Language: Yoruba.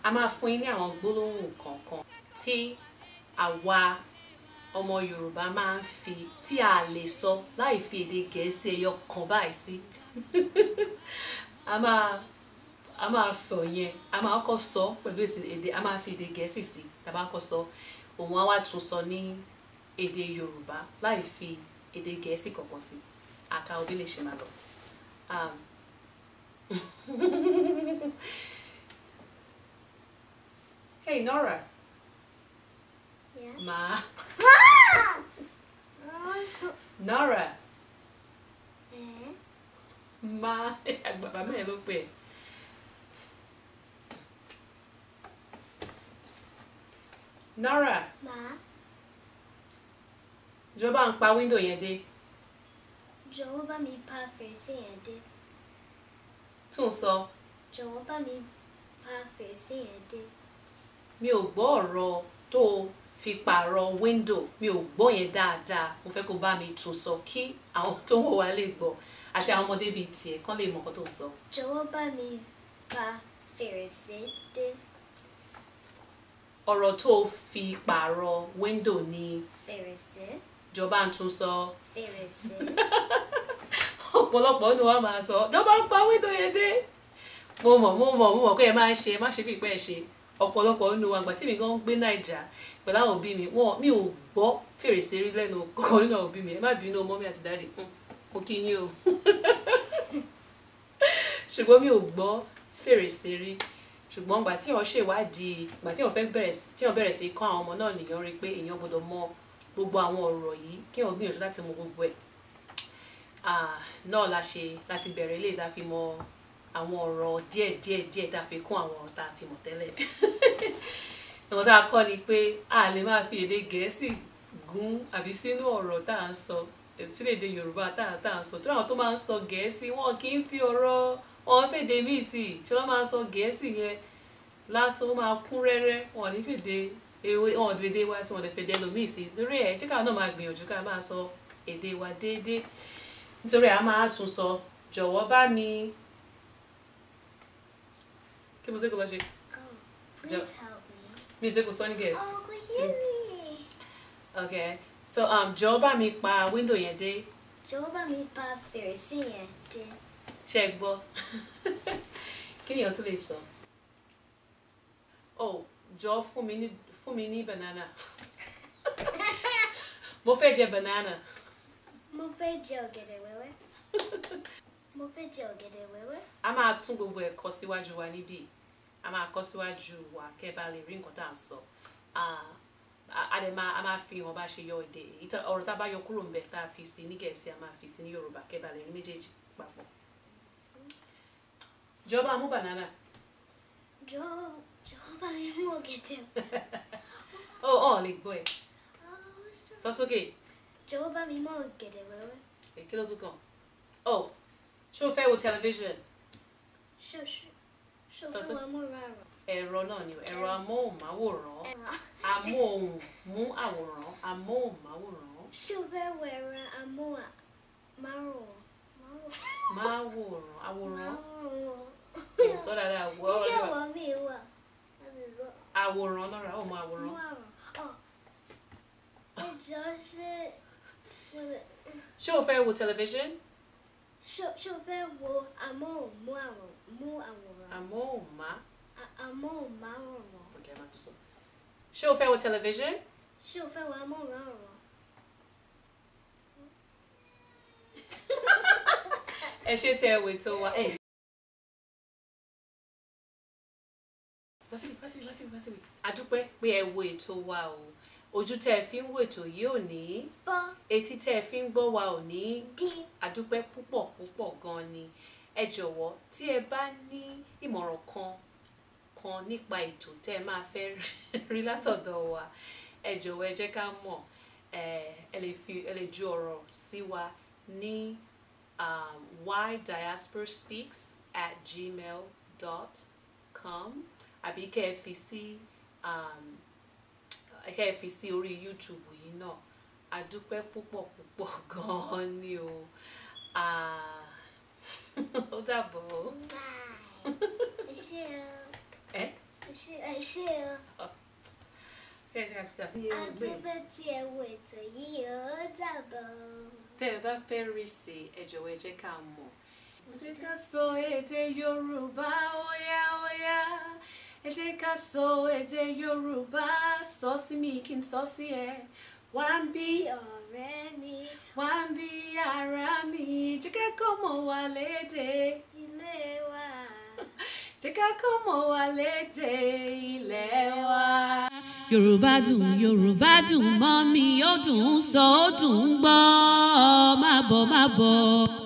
a máa fún yín ní àwọn gbólóhùn kọ̀ọ̀kan tí àwa ọmọ Yorùbá máa ń fi tí a lè sọ láì fi èdè Gẹ̀ẹ́sì ẹyọ kan báyìí sí a máa a máa sọ yẹn a máa kọ́ sọ pẹ̀lú èdè a máa fi èdè Gẹ̀ẹ́sì sí tàbá kọ́ sọ òun á wá tún sọ ní èdè Yorùbá láì fi èdè Gẹ̀ẹ́sì kankan sí àka òbí lè ṣe máa lọ. Hey, Nora. Yeah? Ma. Nora. Eh? Ma. Bàbá mẹ́rin ló pè Nora. Ma. Jọ̀ọ́ bá pa window yẹn dé. Jọ̀ọ́ bá mi pa fèrèsé yẹn dé. Tún sọ. Jọ̀ọ́ mi pa fèrèsé yẹn dé mi ò gbọ́ ọ̀rọ̀ tó o fi pààrọ̀ wíńdò mi ò gbọ́ yẹn dáadáa mo fẹ́ kó bá mi tún sọ kí àwọn tó ń wò wá lè gbọ́ àti àwọn ọmọdé bíi tiẹ̀ kán lè mọ nǹkan tó ń sọ. jọ̀wọ́ bá mi pa fèrèsé dé. ọ̀rọ̀ tó fi pààrọ̀ wíńdò ni. fèrèsé. jọba ń tún sọ. fèrèsé. ọ̀pọ̀lọpọ̀ ni wọ́n máa sọ jọba ń pa wíńdò yẹn dé. mo mọ̀ mo mọ̀ mo mọ̀ pé ẹ máa ń ṣe má ṣe bí ìpẹ́ ẹ ṣe ọ̀pọ̀lọpọ̀ nínú wa àgbà tí mi gan gbé naija pẹ̀lú àwọn òbí mi wọn mi ò gbọ́ fèrèsé rí lẹ́nu kọ̀ọ̀kan nínú àwọn òbí mi ẹ má bínú ọmọ mi àti dáàdì mm, mo kí yín o ṣùgbọ́n mi ò gbọ́ fèrèsé rí ṣùgbọ́n gbà tí wọ́n ṣèwádìí gbà tí wọ́n fẹ́ bẹ̀rẹ̀ tí wọ́n bẹ̀rẹ̀ sí kọ́ àwọn ọmọ náà nìyẹn rí i pé èèyàn gbọ́dọ̀ mọ gbogbo àwọn ọ̀rọ̀ yìí kí wọ́n gbìyànjú láti mọ gbogbo ẹ̀ náà la ṣe láti bẹ̀rẹ̀ eléyìí tá a fi mọ àwọn ọ̀rọ̀ díẹ̀ díẹ̀ díẹ̀ tá a fi kún àwọn ọ̀rọ̀ tá a ti mọ̀ tẹ́lẹ̀ ìwọ̀n tá a kọ́ ni pé a lè máa fi èdè gẹ̀ẹ́sì gún àbí sínú ọ̀rọ̀ tá a ń sọ sí èdè yorùbá tá a tá a sọ tó àwọn tó máa ń sọ gẹ̀ẹ́sì wọn kì í fi ọ̀rọ̀ wọn fèdè míì sí i ṣọlá máa ń sọ gẹ̀ẹ́sì yẹn lásán ó máa kún rẹ́rẹ́ wọn ní fèdè ewé wọn fèdè wá sí wọn lè fèdè ẹlòmíì sí i torí ẹ̀ jẹ́ká náà máa gbìyànjú ká máa sọ èdè wa déédéé nítorí a máa tún sọ jọ̀wọ́ bá mi Qué musical was she? Oh, please help me. Musical, so any guess? Oh, give me. Okay. So, um, Joe bá mi window yẹn dé. Joe bá mi pa fèrèsé yẹn dé. Ṣé ẹ gbọ́? Kí Oh, Joe fún mi ní fún mi ní banana. Mo fẹ́ jẹ banana. Mo fẹ́ jẹ ọ̀gẹ̀dẹ̀ Mo fẹ́ jẹ ọ̀gẹ̀dẹ̀ wẹ́wẹ́. A máa tún gbogbo ẹ̀kọ́ síwájú wa níbí a máa kọ síwájú wa kẹ́ bá lè rí nǹkan tá à ń sọ a dẹ̀ máa a máa fi hàn bá ṣe yọ èdè ọ̀rọ̀ tá a bá yọ kúrò ńbẹ̀ tá a fi sí ní gẹ̀ẹ́sì a máa fi sí ní yorùbá kẹ́ bá lè rí méjèèjì papọ̀. jọba mú banana. jọ jọba mú ọ̀gẹ̀dẹ̀. ó ọ̀ oh, oh, lè gbọ́ ẹ̀ oh, sọ sókè. jọba mi mú ọ̀gẹ̀dẹ̀ wẹ́wẹ́. èké ló tún kàn. ó ṣé o fẹ́ wo tẹlifíṣàn. ṣé o ṣe. so so ẹ̀rọ náà ni ẹ̀rọ amóhùnmáwòrán amóhùn mú àwòrán amóhùnmáwòrán. ṣé o fẹ́ wọ ẹ̀rọ amóhùnmáwòrán? máwòrán àwòrán ìwòsàn dáadáa wọ ọ́ ọ́ àwòrán lọ́ra ọmọ àwòrán. ṣé o fẹ́ wo television? ṣé o fẹ́ wo amóhùnmáwòrán. amóhùnmá. amóhùnmáwòrán. ọ̀gá ẹ má tó sọ. ṣé o fẹ́ wo television. ṣé o fẹ́ wo amóhùnmáwòrán. ẹ ṣe tí ẹ wò tó wa. wá síbi wá síbi wá síbi wá síbi a dúpẹ́ pé ẹ wo ètò wa o ojú tẹ́ ẹ fi ń wètò yìí ò ní fọ́ etí tẹ́ ẹ fi ń gbọ́ wa ò ní dí àdúpẹ́ púpọ̀ púpọ̀ gan ni ẹ jọ̀wọ́ tí ẹ bá ní ìmọ̀ràn kan kan nípa ètò tẹ́ ẹ máa fẹ́ rí látọ̀dọ̀ wa ẹ jọ̀wọ́ ẹ jẹ́ ká mọ̀ ẹ lè ju ọ̀rọ̀ sí wa ní why diaspora speaks at gmail dot com àbí kẹ́ ẹ fi sí. Um, kẹ́ ẹ fi sí orí YouTube yìí náà a dúpẹ́ púpọ̀ púpọ̀ gan-an ni o ó dàbọ̀ o. ẹ ṣé o. ẹ ṣé o. àti pé tí ẹ wo ètò yìí ó dàbọ̀ o. tẹ́ ẹ bá fẹ́ rí sí ẹ jọ̀wọ́ ẹ jẹ́ ká mọ̀. Ẹ jẹ́ ká sọ èdè Yorùbá óyá óyá. Ẹ jẹ́ ká sọ èdè Yorùbá sọ sí mi kí n sọ sí ẹ. Wá ń bí ọ̀rẹ́ mi. Wá ń ara mi. Jẹ́ ká kọ́ mọ̀ wá wa. Jẹ́ ká kọ́ mọ̀ wá wa. Yorùbá dùn Yorùbá dùn mọ́ mi ó dùn ún sọ ó dùn ún gbọ́ má bọ̀